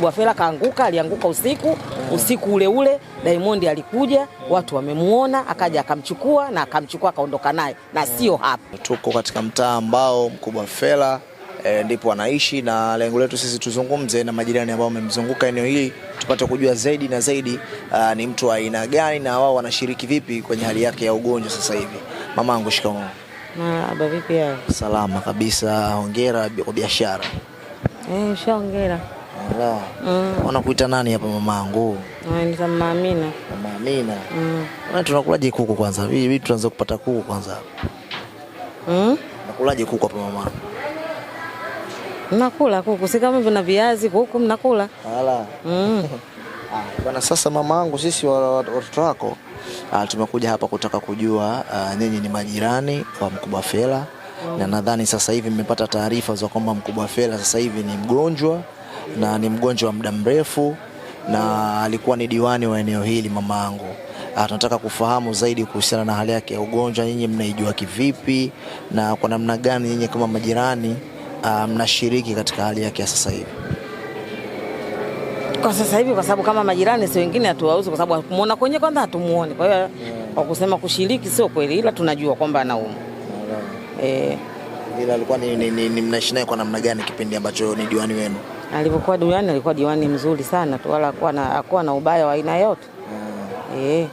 Bwafela kaanguka, alianguka usiku usiku ule ule Diamond alikuja, watu wamemuona, akaja akamchukua na akamchukua akaondoka naye, na sio hapa. Tuko katika mtaa ambao Mkubwa Fela e, ndipo anaishi, na lengo letu sisi tuzungumze na majirani ambao wamemzunguka eneo hili, tupate kujua zaidi na zaidi, a, ah, ni mtu aina gani na wao wanashiriki vipi kwenye hali yake ya ugonjwa sasa hivi. Mamangu, shikamoo. Baba, vipi? Salama kabisa, hongera kwa biashara. Eh, shaongera Ala. Mm. Wanakuita nani hapa mamangu? Naitwa Mama Amina. Mama Amina. Mm. Na tunakulaje kuku kwanza? Hivi tunaanza kupata kuku kwanza Mm. Nakulaje kuku hapa mama? Nakula kuku, si kama vina viazi kuku mnakula. Hala. Mm. Ah, bwana sasa mama angu sisi watoto wako ah, tumekuja hapa kutaka kujua ah, nyinyi ni majirani wa Mkubwa Fela. Mm. Na nadhani sasa hivi mmepata taarifa za kwamba Mkubwa Fela sasa hivi ni mgonjwa na ni mgonjwa wa muda mrefu, na alikuwa ni diwani wa eneo hili mamangu. Ah, tunataka kufahamu zaidi kuhusiana na hali yake ya ugonjwa, nyinyi mnaijua kivipi na kwa namna gani nyinyi kama majirani ah, mnashiriki katika hali yake ya sasa hivi? Kwa sasa hivi, kwa sababu kama majirani si wengine hatuwauzi, kwa sababu hatumuona kwenye kwanza, hatumuoni. Kwa hiyo kwa kusema kushiriki sio kweli, ila tunajua kwamba anaumwa eh. Ila alikuwa ni, ni, ni, ni mnaishi naye kwa namna gani kipindi ambacho ni diwani wenu? alivyokuwa duniani alikuwa diwani mzuri sana tu, wala hakuwa na ubaya wa aina yote ah. Eh,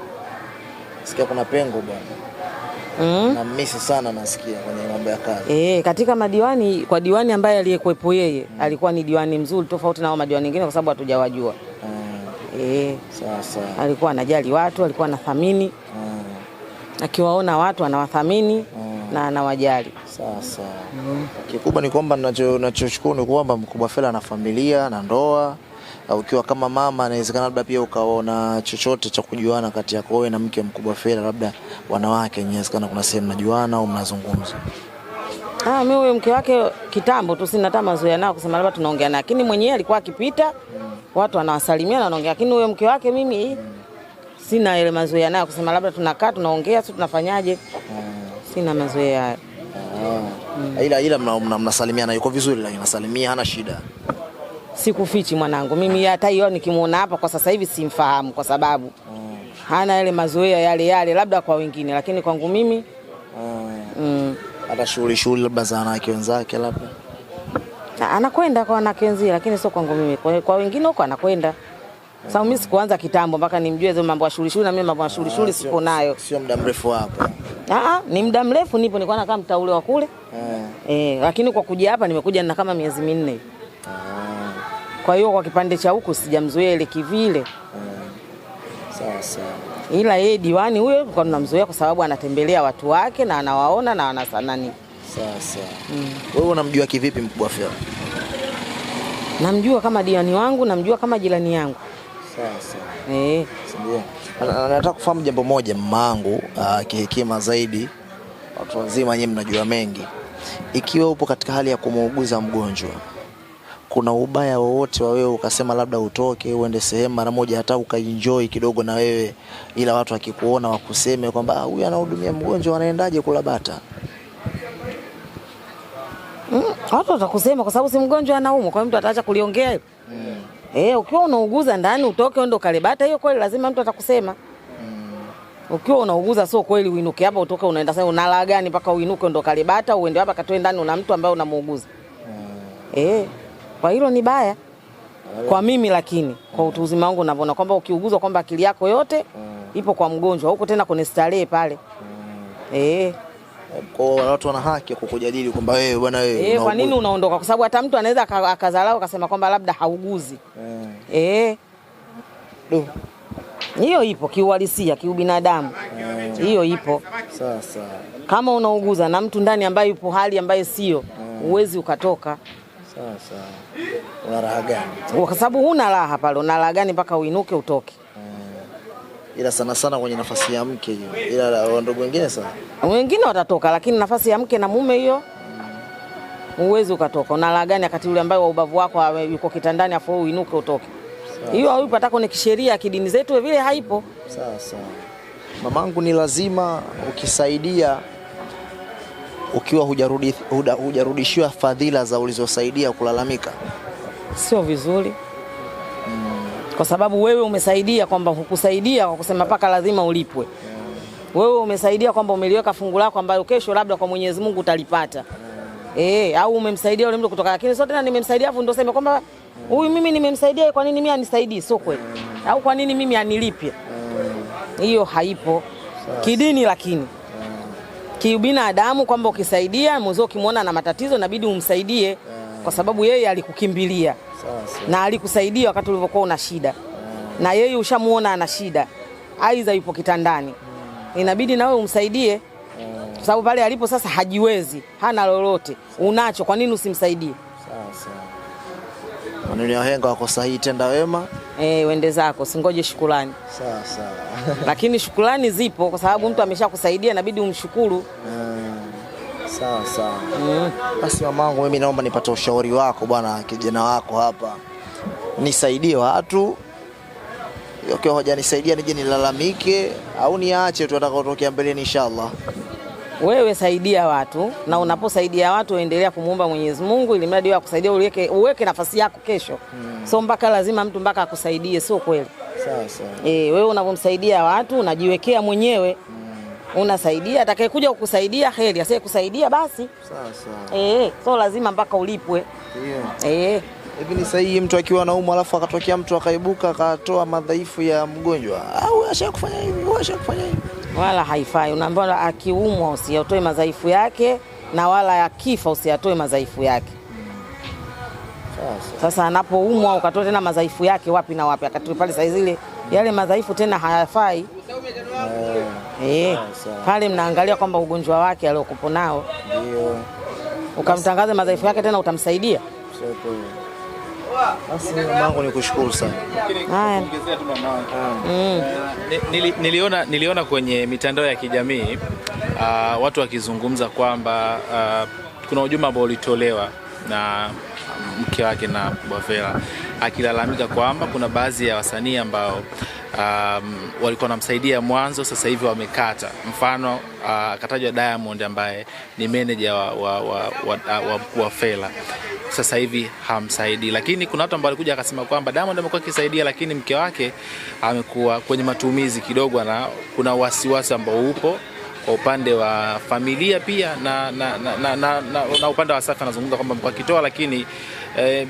sikia kuna pengo bwana mm. na sana nasikia kwenye mambo ya kazi eh, katika madiwani. Kwa diwani ambaye aliyekuwepo yeye mm. alikuwa ni diwani mzuri tofauti na madiwani wengine, kwa sababu hatujawajua mm. eh, sasa alikuwa anajali watu, alikuwa anathamini mm. akiwaona watu anawathamini mm na anawajali. Sasa mm. Mm-hmm. kikubwa ni kwamba nachoshukuru ni kwamba Mkubwa Fella ana familia na ndoa ukiwa kama mama inawezekana labda pia ukaona chochote cha kujuana kati yako wewe na mke Mkubwa Fella, labda wanawake, inawezekana kuna sehemu najuana au mnazungumza. Ah, mimi huyo mke wake kitambo tu, sina hata mazoea nao kusema labda tunaongea naye, lakini mwenyewe alikuwa akipita watu anawasalimia na anaongea, lakini huyo mke wake mimi sina ile mazoea nayo kusema labda tunakaa tunaongea, si tunafanyaje. Mm sina mazoea hayo. Ah. Ila ila mnasalimiana, yuko vizuri, lakini nasalimia hana shida. Sikufichi mwanangu mimi, hata hiyo nikimuona hapa kwa sasa hivi simfahamu kwa sababu mm. hana yale mazoea yale yale, labda kwa wengine, lakini kwangu mimi ah. mm. hata mm. shughuli shughuli, labda za wanawake wenzake, labda anakwenda kwa wanawake wenzie, lakini sio kwangu mimi, kwa, kwa wengine huko anakwenda mm. sababu mimi sikuanza kitambo mpaka nimjue mambo ya shughuli shughuli, na mimi mambo ya shughuli shughuli ah, siko nayo, sio muda mrefu hapa. Ah, ah, ni muda mrefu nipo, nilikuwa nakaa mtaule wa kule eh. eh, lakini kwa kuja hapa nimekuja na kama miezi minne Ah. Kwa hiyo kwa kipande cha huku sijamzoea ile kivile. Eh. Sawa sawa. Ila yeye diwani huyo kwa tunamzoea kwa sababu anatembelea watu wake na anawaona na anasanani. Sawa sawa. Mm. Wewe unamjua kivipi mkubwa Fela? Namjua kama diwani wangu, namjua kama jirani yangu. Sawa sawa. Eh. Sibuo. Nataka kufahamu jambo moja mmangu, uh, ah, kihekima zaidi. Watu wazima nyinyi mnajua mengi. Ikiwa upo katika hali ya kumuuguza mgonjwa, kuna ubaya wowote wa wewe ukasema labda utoke uende sehemu mara moja, hata ukaenjoy kidogo na wewe, ila watu akikuona wakuseme kwamba ah, huyu anahudumia mgonjwa, anaendaje kula bata? Mm, watu watakusema kwa sababu si mgonjwa anaumwa, kwa hiyo mtu ataacha kuliongea hilo. Eh, ukiwa unauguza ndani utoke uende ukalebata, hiyo kweli lazima mtu atakusema. Mm. Ukiwa unauguza sio kweli uinuke hapa utoke unaenda sasa unala gani mpaka uinuke ndo kalebata uende hapa katoe ndani una mtu ambaye unamuuguza. Mm. Eh, kwa hilo ni baya. Kwa mimi lakini kwa utu uzima wangu ninavyoona kwamba ukiuguzwa kwamba akili yako yote mm. ipo kwa mgonjwa huko tena kwenye starehe pale. Mm. Eh kwa watu wana haki ya kukujadili kwamba wewe eh, bwana wewe eh, eh, kwa nini unaondoka? Kwa sababu hata mtu anaweza akadharau akasema kwamba labda hauguzi eh, eh. hiyo ipo kiuhalisia, kiubinadamu hiyo ipo. Sasa kama unauguza na mtu ndani ambaye yupo hali ambayo sio, huwezi ukatoka. Sasa una raha gani? Kwa sababu huna raha pale, una raha gani mpaka uinuke utoke? ila sana sana kwenye nafasi ya mke hiyo, ila wandugu wengine sana wengine watatoka, lakini nafasi ya mke na mume hiyo uwezi ukatoka. Una la gani wakati ule ambaye wa ubavu wako yuko kitandani afu uinuke utoke? Hiyo haipo hata kwenye kisheria ya kidini zetu vile haipo. Sawa sawa, mamangu, ni lazima ukisaidia ukiwa hujarudishiwa fadhila za ulizosaidia, kulalamika sio vizuri kwa sababu wewe umesaidia kwamba hukusaidia kwa kusema paka lazima ulipwe. Wewe umesaidia kwamba umeliweka fungu lako ambalo kesho labda kwa Mwenyezi Mungu utalipata. Eh, au umemsaidia yule mtu kutoka lakini sote nimemsaidia afu ndio sema kwamba huyu mimi nimemsaidia kwa nini mimi anisaidii sio kweli. Au kwa nini mimi anilipe? Hiyo haipo. Kidini lakini kiubinadamu kwamba ukisaidia mwenzio ukimwona na matatizo inabidi umsaidie kwa sababu yeye alikukimbilia na alikusaidia wakati ulivyokuwa una shida na yeye ushamuona ana shida, aidha yupo kitandani, inabidi na wewe umsaidie, kwa sababu pale alipo sasa hajiwezi, hana lolote, unacho. Kwa nini usimsaidie? Wahenga wako sahihi, tenda wema eh, wende zako, singoje shukrani. Sawa sawa. Lakini shukurani zipo, kwa sababu mtu ameshakusaidia inabidi umshukuru yeah. Sawa sawa. Basi mm. Mamangu, mimi naomba nipate ushauri wako bwana, kijana wako hapa nisaidie watu okay, hoja nisaidia nije nilalamike au niache tu atakotokea mbeleni inshallah. Wewe saidia watu, na unaposaidia watu endelea kumuomba Mwenyezi Mungu ili mradi wewe kusaidia uweke uweke nafasi yako kesho mm. so mpaka lazima mtu mpaka akusaidie, sio kweli? sawa. eh, wewe unapomsaidia watu unajiwekea mwenyewe mm unasaidia, atakayekuja kukusaidia heri, asiye kusaidia basi sasa. Eh, so lazima mpaka ulipwe yeah. Eh. Hivi ni sahihi mtu akiwa anaumwa alafu akatokea mtu akaibuka akatoa madhaifu ya mgonjwa au kufanya hivi au kufanya hivi? Wala haifai. Unaambiwa akiumwa usiyatoe madhaifu yake na wala akifa usiyatoe madhaifu yake. Sasa, anapoumwa ukatoa tena madhaifu yake wapi na wapi, akatoa pale saa zile, yale madhaifu tena hayafai eh, pale mnaangalia kwamba ugonjwa wake aliokupo nao ndio ukamtangaza madhaifu yake, tena utamsaidia. Basi ni kushukuru sana. Haya, mm. mm. Eh, nili, niliona, niliona kwenye mitandao ya kijamii uh, watu wakizungumza kwamba uh, kuna ujumbe ambao ulitolewa na mke wake na Bwavela akilalamika kwamba kuna baadhi ya wasanii ambao um, walikuwa wanamsaidia mwanzo, sasa hivi wamekata. Mfano akatajwa uh, Diamond ambaye ni meneja wa, wa, wa, wa, wa, uh, wa, wa Fela sasa hivi hamsaidii, lakini kuna watu ambao walikuja akasema kwamba Diamond amekuwa akisaidia, lakini mke wake amekuwa kwenye matumizi kidogo, na kuna wasiwasi ambao upo kwa upande wa familia pia na, na, na, na, na, na, na upande wa Wasafi anazungumza kwamba mko akitoa lakini eh,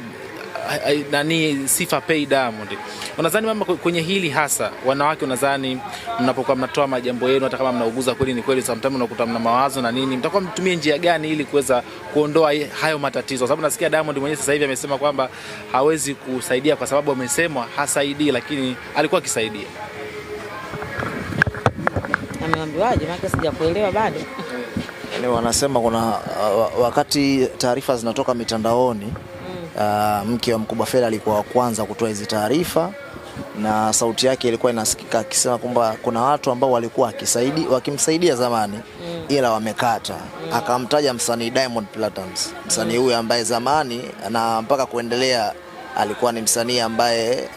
nani sifa pay Diamond. Unadhani mama, kwenye hili hasa wanawake, unadhani mnapokuwa mnatoa majambo yenu, hata kama mnauguza kweli ni kweli, sometimes unakuta mna mawazo na nini, mtakuwa mtumie njia gani ili kuweza kuondoa hayo matatizo? Sababu nasikia Diamond mwenyewe sasa hivi amesema kwamba hawezi kusaidia kwa sababu amesemwa hasaidii, lakini alikuwa akisaidia. Ameambiwaje? Maana sijakuelewa bado. Wanasema kuna uh, wakati taarifa zinatoka mitandaoni uh, mke wa mkubwa Fela alikuwa wa kwanza kutoa hizi taarifa na sauti yake ilikuwa inasikika akisema kwamba kuna watu ambao walikuwa akisaidi, wakimsaidia zamani mm. ila wamekata mm. Akamtaja msanii Diamond Platnumz, msanii huyu mm. ambaye zamani na mpaka kuendelea alikuwa ni msanii ambaye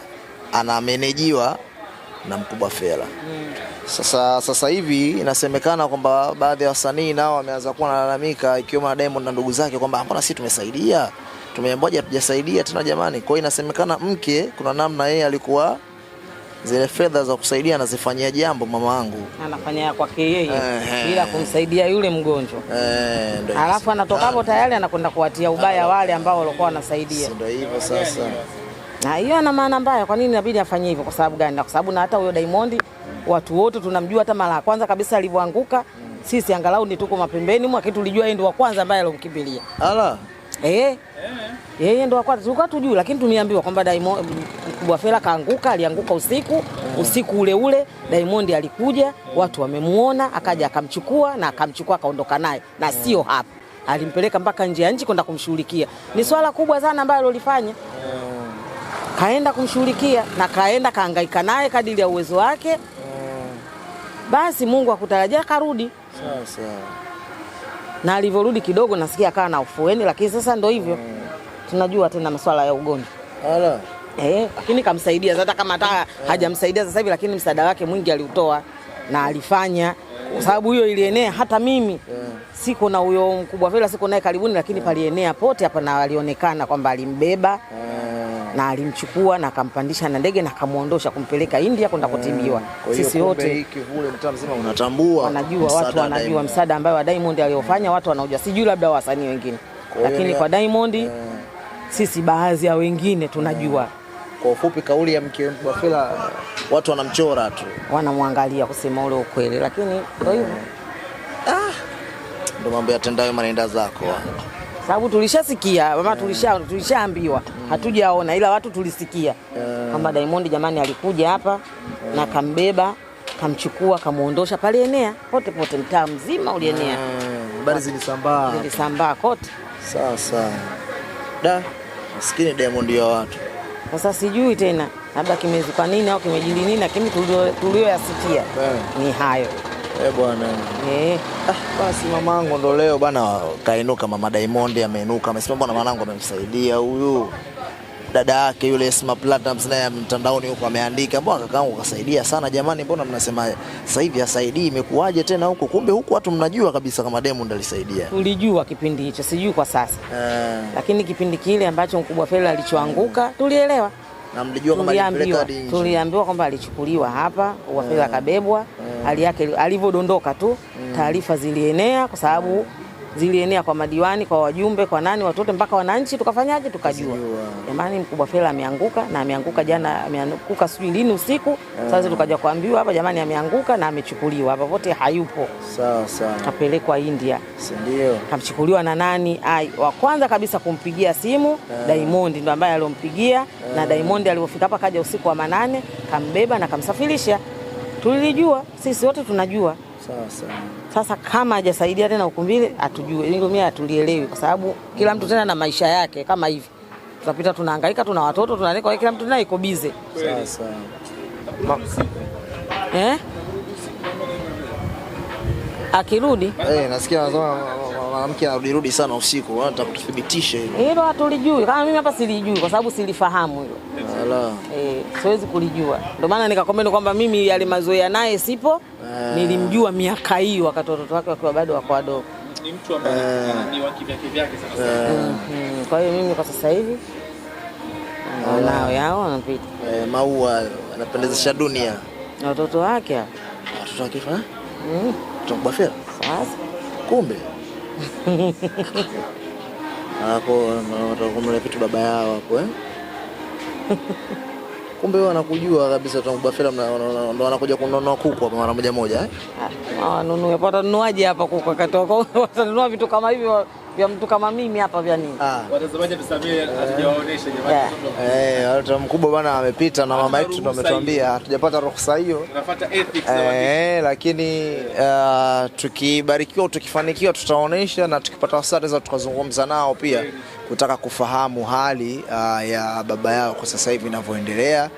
anamenejiwa na mkubwa Fela mm. Sasa, sasa hivi inasemekana kwamba baadhi ya wasanii nao wameanza kuwa nalalamika, ikiwemo na Diamond na ndugu zake kwamba mbona sisi tumesaidia tumia moja tujasaidia tena jamani. Kwa hiyo inasemekana mke kuna namna yeye alikuwa zile fedha za kusaidia anazifanyia jambo mama angu anafanya kwake yeye eh, bila kumsaidia yule mgonjwa eh, alafu anatoka hapo ah. tayari anakwenda kuwatia ubaya ah, wale ambao walikuwa wanasaidia. Ndio hivyo sasa, na hiyo ana maana mbaya. Kwa nini inabidi afanye hivyo? Kwa sababu gani? Na Kwa sababu na hata huyo Diamond watu wote tunamjua, hata mara ya kwanza kabisa alivyoanguka, sisi angalau ni tuko mapembeni mwa kitu, tulijua yeye ndio wa kwanza ambaye alomkimbilia ala eh, yeye eh. Eh, eh, ndo akwa tulikuwa tujui, lakini tumeambiwa kwamba Diamond mkubwa Fela kaanguka, alianguka usiku usiku ule ule Diamond alikuja, watu wamemuona, akaja akamchukua na akamchukua akaondoka naye, na sio hapa, alimpeleka mpaka nje ya nchi kwenda kumshughulikia. Ni swala kubwa sana ambalo Yeah. kaenda kumshughulikia na kaenda kaangaika naye kadiri ya uwezo wake. Mm. Basi Mungu akutarajia, karudi sawa sawa na alivyorudi kidogo nasikia akawa na ufueni, lakini sasa ndo hivyo mm. tunajua tena masuala ya ugonjwa eh, lakini kamsaidia hata kama hata hajamsaidia sasa hivi, lakini msaada wake mwingi aliutoa na alifanya kwa sababu hiyo ilienea. Hata mimi siko na huyo mkubwa vile, siko naye karibuni, lakini palienea pote hapa na alionekana kwamba alimbeba yeah na alimchukua na akampandisha na ndege na akamwondosha kumpeleka India kwenda eh, kutibiwa. Sisi wote unatambua, wanajua watu wanajua msaada ambayo wa Diamond aliofanya, watu wanaojua, sijui labda wasanii wengine, lakini kwa Diamond eh. sisi baadhi ya wengine tunajua. Eh. Kwa ufupi, kauli ya mke Bafila watu wanamchora tu, wanamwangalia kusema ule ukweli, lakini ndio hivyo. Ah, ndio mambo yatendayo manaenda zako sababu tulishasikia mama, tulisha tulishaambiwa, mm. hatujaona ila watu tulisikia kwamba Diamond jamani, alikuja hapa na kambeba kamchukua kamuondosha pale, enea pote pote, mtaa mzima ulienea habari zilisambaa, zilisambaa kote. Sasa da maskini Diamond ya watu sasa, sijui tena labda kimezikwa nini au kimejili nini, lakini tulioyasikia eh. ni hayo. Eh bwana. Eh. Ah, basi mamangu ndo leo bana kainuka mama Diamond ameinuka. Amesema bwana mwanangu amemsaidia huyu. Dada yake yule Esma Platinum naye mtandaoni huko ameandika, bwana kakaangu kasaidia sana jamani, mbona mnasema sasa hivi asaidii, imekuwaje tena huko? Kumbe huko watu mnajua kabisa kama Diamond alisaidia. Tulijua kipindi hicho, sijui kwa sasa. Eh. Lakini kipindi kile ambacho mkubwa Fela alichoanguka, tulielewa. Na mlijua kwamba alipelekwa hadi nje. Tuliambiwa kwamba alichukuliwa hapa Uwapele eh. akabebwa, eh. hali yake alivyodondoka tu, mm. taarifa zilienea kwa sababu eh zilienea kwa madiwani, kwa wajumbe, kwa nani, watoto mpaka wananchi, tukafanyaje? Tukajua jamani, mkubwa Fela ameanguka na ameanguka jana, ameanguka sijui lini usiku. Eh. Sasa tukaja kuambiwa hapa, jamani, ameanguka na amechukuliwa hapa, pote hayupo, sawa sawa, kapelekwa India, ndio kamchukuliwa na nani? Ai, wa kwanza kabisa kumpigia simu eh. Diamond, ndio ambaye aliyompigia, na eh. Diamond alipofika hapa, kaja usiku wa manane, kambeba na kamsafirisha. Tulilijua sisi wote tunajua sasa kama hajasaidia tena ukumbile, atujue hilo, mimi atulielewi kwa sababu kila mtu tena na maisha yake. Kama hivi tunapita tunahangaika, tuna watoto tunaleka, kila mtu naye iko bize. Sasa Ma... eh, akirudi eh, nasikia wazoma mwanamke anarudirudi sana usiku, hata kuthibitisha hilo. Hilo hatulijui, kama mimi hapa silijui kwa sababu silifahamu hilo. Ala. Eh, siwezi kulijua. Ndio maana nikakomeni kwamba mimi yale mazoea naye sipo. Eee. Eh. Nilimjua miaka hiyo wakati watoto wake wakiwa bado wako wadogo. Ni mtu ambaye eh. ni wa kivyake vyake sana sana. Eh. Mm, mm. Kwa hiyo mimi kwa sasa hivi wanao yao wanapita. Eh, maua anapendezesha dunia. Na watoto wake. Ah, watoto wake fa? Mm. Tutakubafia. Sasa. Kumbe hapo watakumla vitu baba yao hapo eh? Kumbe wanakujua kabisa, tunabafela ndo wanakuja kununua kuku hapa mara moja moja eh? Ah, wanunue watanunua aje hapa kuku, watanunua vitu kama hivyo vya mtu kama mimi hapa vya nini? Ah. Watazamaji tusamee, hatujawaonesha jamani. Eh, watu mkubwa bwana amepita na mama yetu ndo ametuambia hatujapata ruhusa hiyo. Tunafuata ethics eh, lakini yeah. uh, tukibarikiwa tukifanikiwa, tutaonesha na tukipata wasaa za tukazungumza nao pia kutaka kufahamu hali uh, ya baba yao kwa sasa hivi inavyoendelea.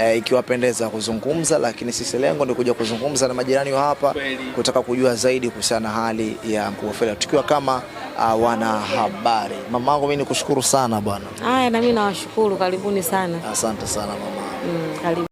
E, ikiwapendeza kuzungumza, lakini sisi lengo ni kuja kuzungumza na majirani wa hapa kutaka kujua zaidi kuhusiana na hali ya Mkubwa Fella tukiwa kama uh, wanahabari. Mamangu, mimi nikushukuru sana bwana. Haya, na mimi nawashukuru, karibuni sana. Asante sana mama. Mm, karibu.